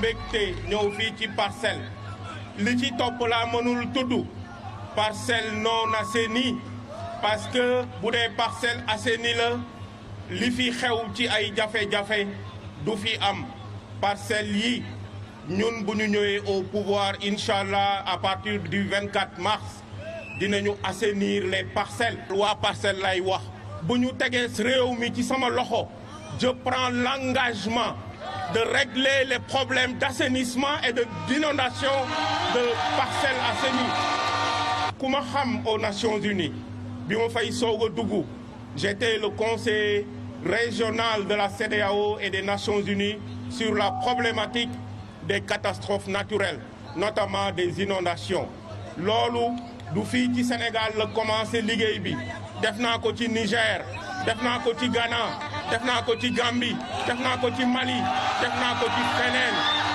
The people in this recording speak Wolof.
mbégte ñëw fii ci parcelle li ci topp laa mënul tudd parcelle non assainie parce que bu dee parcelle assainie la li fi xew ci ay jafe-jafe du fi am parcelle yi ñun bu ñu ñëwee au pouvoir incha allah à partir du 24 mars dinañu assainir les parcelles. waa parcelle lay wax bu ñu tegee réew mi ci sama loxo je prends l'engagement de régler les problèmes d'assainissement et d'inondation de parcelles assainies ku ma xam aux Nations Unies bi ma fay soog a dugg j'étais le conseil régional de la CEDEAO et des Nations Unies sur la problématique des catastrophes naturelles notamment des inondations loolu du fii ci Sénégal la commencé liggéey bi def naa ko ci Niger def naa ko ci Ghana def naa ko ci Gambie def naa ko ci Mali def naa ko ci feneen